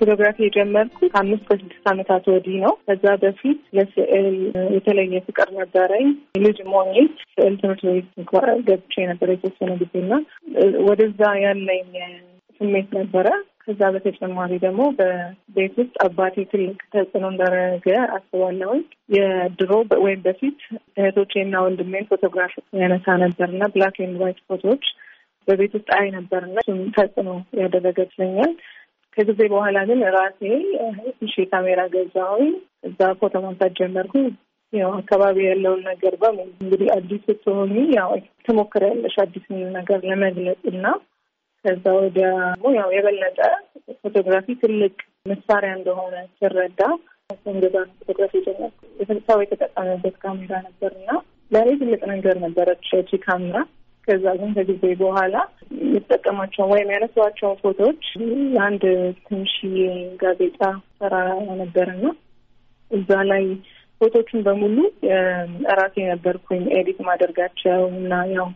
ፎቶግራፊ የጀመርኩት ከአምስት ከስድስት ዓመታት ወዲህ ነው። ከዛ በፊት ለስዕል የተለየ ፍቅር ነበረኝ። ልጅ ሞኜ ስዕል ትምህርት ቤት ገብቼ የነበረ የተወሰነ ጊዜና ወደዛ ያለኝ ስሜት ነበረ። ከዛ በተጨማሪ ደግሞ በቤት ውስጥ አባቴ ትልቅ ተጽዕኖ እንዳደረገ አስባለሁኝ። የድሮ ወይም በፊት እህቶቼና ወንድሜን ፎቶግራፍ ያነሳ ነበርና ብላክ ኤንድ ዋይት ፎቶዎች በቤት ውስጥ አይ ነበርና ተጽዕኖ ያደረገ ይመስለኛል። ከጊዜ በኋላ ግን ራሴ ትንሽ ካሜራ ገዛሁኝ። እዛ ፎቶ ማንሳት ጀመርኩ። ያው አካባቢ ያለውን ነገር በሙሉ እንግዲህ አዲስ ስትሆኑ ያው ትሞክሪያለሽ አዲስን ነገር ለመግለጽ እና ከዛ ወዲያ ደግሞ ያው የበለጠ ፎቶግራፊ ትልቅ መሳሪያ እንደሆነ ስረዳ ንገዛ ፎቶግራፊ ጀመርኩ። ሰው የተጠቀመበት ካሜራ ነበር እና ለእኔ ትልቅ ነገር ነበረች ቺ ካሜራ ከዛ ግን ከጊዜ በኋላ የምጠቀማቸውን ወይም ያነሷቸውን ፎቶዎች አንድ ትንሽዬ ጋዜጣ ሰራ ነበር ነበርና እዛ ላይ ፎቶቹን በሙሉ እራሴ ነበርኩኝ ኤዲት ማደርጋቸው እና ያው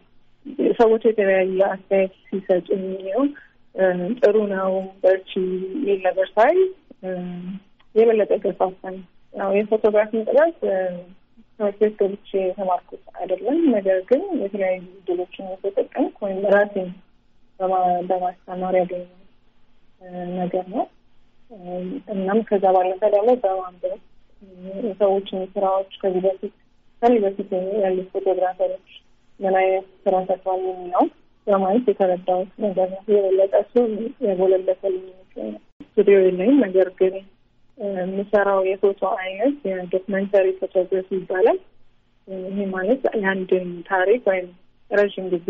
ሰዎች የተለያየ አስተያየት ሲሰጡ የሚው ጥሩ ነው በርቺ የሚል ነገር ሳይ የበለጠ ገፋፋኝ። ያው የፎቶግራፊ ጥላት ትምህርት ቤት ገብቼ የተማርኩት አይደለም። ነገር ግን የተለያዩ ድሎችን የተጠቀምኩ ወይም ራሴን በማስተማር ያገኘ ነገር ነው። እናም ከዛ ባለፈ ደግሞ በማንበብ የሰዎችን ስራዎች ከዚህ በፊት ከዚህ በፊት ያሉ ፎቶግራፈሮች ምን አይነት ስራ ሰርተዋል የሚለው በማለት የተረዳሁት ነገር ነው። የበለጠ እሱ ያጎለበተልኝ ይመስለኛል። ስቱዲዮ የለኝም ነገር ግን የምሰራው የፎቶ አይነት የዶክመንተሪ ፎቶግራፊ ይባላል። ይሄ ማለት የአንድን ታሪክ ወይም ረዥም ጊዜ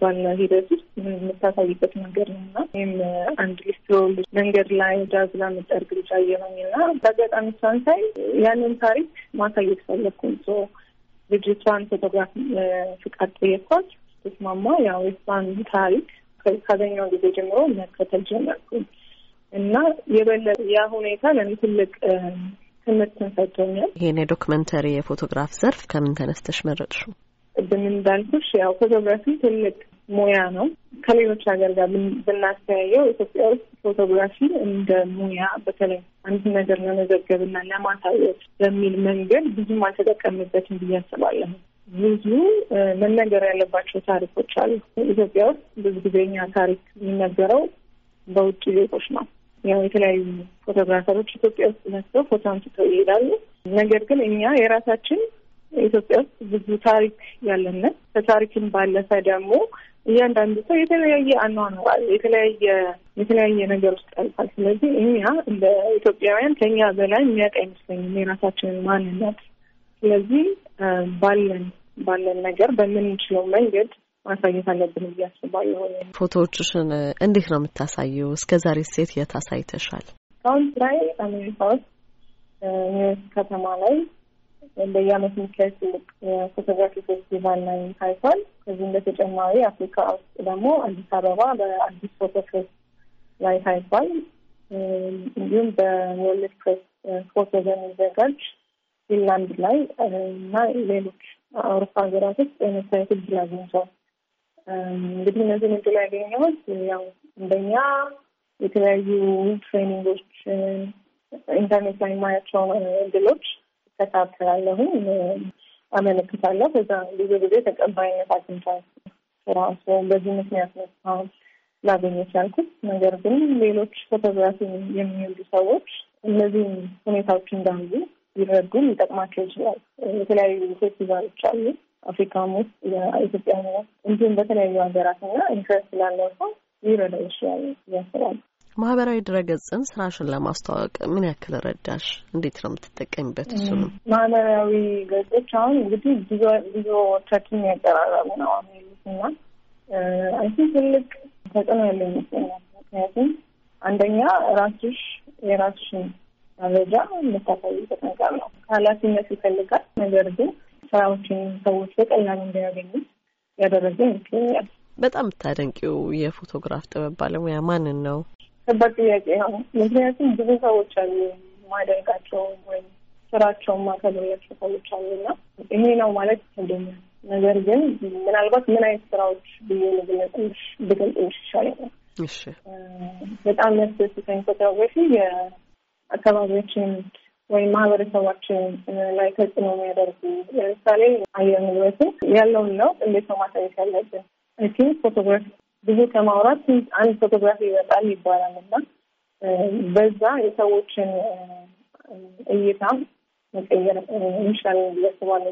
ባለ ሂደት ውስጥ የምታሳይበት መንገድ ነው እና ይህም አንድ ሊስትሮል መንገድ ላይ ጃዝ ላመጠር ግልጫ እየሆኝ እና በአጋጣሚ እሷን ሳይ ያንን ታሪክ ማሳየት ፈለግኩኝ። ልጅቷን ፎቶግራፍ ፍቃድ ጠየኳት። ስትስማማ ያው ታሪክ ካገኘው ጊዜ ጀምሮ መከተል ጀመርኩኝ። እና የበለጠ ያ ሁኔታ ለእኔ ትልቅ ትምህርትን ሰጥቶኛል። ይህን የዶክመንተሪ የፎቶግራፍ ዘርፍ ከምን ተነስተሽ መረጥሹ? ቅድም እንዳልኩሽ ያው ፎቶግራፊ ትልቅ ሙያ ነው። ከሌሎች ሀገር ጋር ብናስተያየው ኢትዮጵያ ውስጥ ፎቶግራፊ እንደ ሙያ በተለይ አንድ ነገር ለመዘገብና ለማሳየት በሚል መንገድ ብዙም አልተጠቀምበትም ብዬ አስባለሁ። ብዙ መነገር ያለባቸው ታሪኮች አሉ። ኢትዮጵያ ውስጥ ብዙ ጊዜኛ ታሪክ የሚነገረው በውጭ ዜጎች ነው። ያው የተለያዩ ፎቶግራፈሮች ኢትዮጵያ ውስጥ መጥተው ፎቶ አንስተው ይሄዳሉ። ነገር ግን እኛ የራሳችን ኢትዮጵያ ውስጥ ብዙ ታሪክ ያለንን ከታሪክን ባለፈ ደግሞ እያንዳንዱ ሰው የተለያየ አኗኗራል የተለያየ የተለያየ ነገር ውስጥ ያልፋል። ስለዚህ እኛ እንደ ኢትዮጵያውያን ከኛ በላይ የሚያውቅ አይመስለኝም የራሳችንን ማንነት። ስለዚህ ባለን ባለን ነገር በምንችለው መንገድ ማሳየት አለብን ብዬ አስባለሁ። ፎቶዎችሽን እንዴት ነው የምታሳየው? እስከ ዛሬ ሴት የት አሳይተሻል? አሁን ላይ አሜሪካ ውስጥ ኒውዮርክ ከተማ ላይ በየአመት የሚካሄድ ትልቅ የፎቶግራፊ ፌስቲቫል ላይ ታይቷል። ከዚህም በተጨማሪ አፍሪካ ውስጥ ደግሞ አዲስ አበባ በአዲስ ፎቶ ፌስ ላይ ታይቷል። እንዲሁም በወርልድ ፕሬስ ፎቶ በሚዘጋጅ ፊንላንድ ላይ እና ሌሎች አውሮፓ ሀገራት ውስጥ የመታየት እድል አግኝቷል። እንግዲህ እነዚህን እድል ያገኘሁት ያው እንደኛ የተለያዩ ትሬኒንጎች ኢንተርኔት ላይ የማያቸው እድሎች እከታተላለሁኝ፣ አመለክታለሁ። ከዛ ብዙ ጊዜ ተቀባይነት አግኝቷል። ራሱ በዚህ ምክንያት ነው አሁን ላገኘች ያልኩት። ነገር ግን ሌሎች ፎቶግራፊ የሚወዱ ሰዎች እነዚህም ሁኔታዎች እንዳሉ ሊረዱ ሊጠቅማቸው ይችላል። የተለያዩ ፌስቲቫሎች አሉ አፍሪካም ውስጥ የኢትዮጵያ እንዲሁም በተለያዩ ሀገራት ሀገራትና ኢንትረስት ስላለው ሰው ሊረዳ ይችላል ያስባል። ማህበራዊ ድረገጽን ስራሽን ለማስተዋወቅ ምን ያክል ረዳሽ? እንዴት ነው የምትጠቀሚበት? እሱ ነው ማህበራዊ ገጾች አሁን እንግዲህ ብዙ ብዙዎቻችን ያቀራረቡ ነው አሁን የሉትና አይቲ ትልቅ ተጽዕኖ ያለው ይመስለኛል። ምክንያቱም አንደኛ ራስሽ የራስሽን መረጃ ልታሳይበት ነገር ነው። ኃላፊነት ይፈልጋል ነገር ግን ስራዎችን ሰዎች በቀላሉ እንዲያገኙ ያደረገ ይመስለኛል። በጣም የምታደንቂው የፎቶግራፍ ጥበብ ባለሙያ ማንን ነው? ከባድ ጥያቄ ነው። ምክንያቱም ብዙ ሰዎች አሉ ማደንቃቸው ወይም ስራቸውን ማከብራቸው ሰዎች አሉ እና ይሄ ነው ማለት ይከብደኛል። ነገር ግን ምናልባት ምን አይነት ስራዎች ብዬ ልግለጽልሽ ብገልጽልሽ ይሻለኛል። በጣም ያስደስተኝ ፎቶግራፊ የአካባቢያችን ወይም ማህበረሰባችን ላይ ተጽዕኖ የሚያደርጉ ለምሳሌ አየር ንብረቱ ያለውን ለውጥ እንዴት ነው ማሳየት ያለብን? እቲ ፎቶግራፊ ብዙ ከማውራት አንድ ፎቶግራፊ ይበጣል ይባላል እና በዛ የሰዎችን እይታ መቀየር እንችላለን ብዬ አስባለሁ።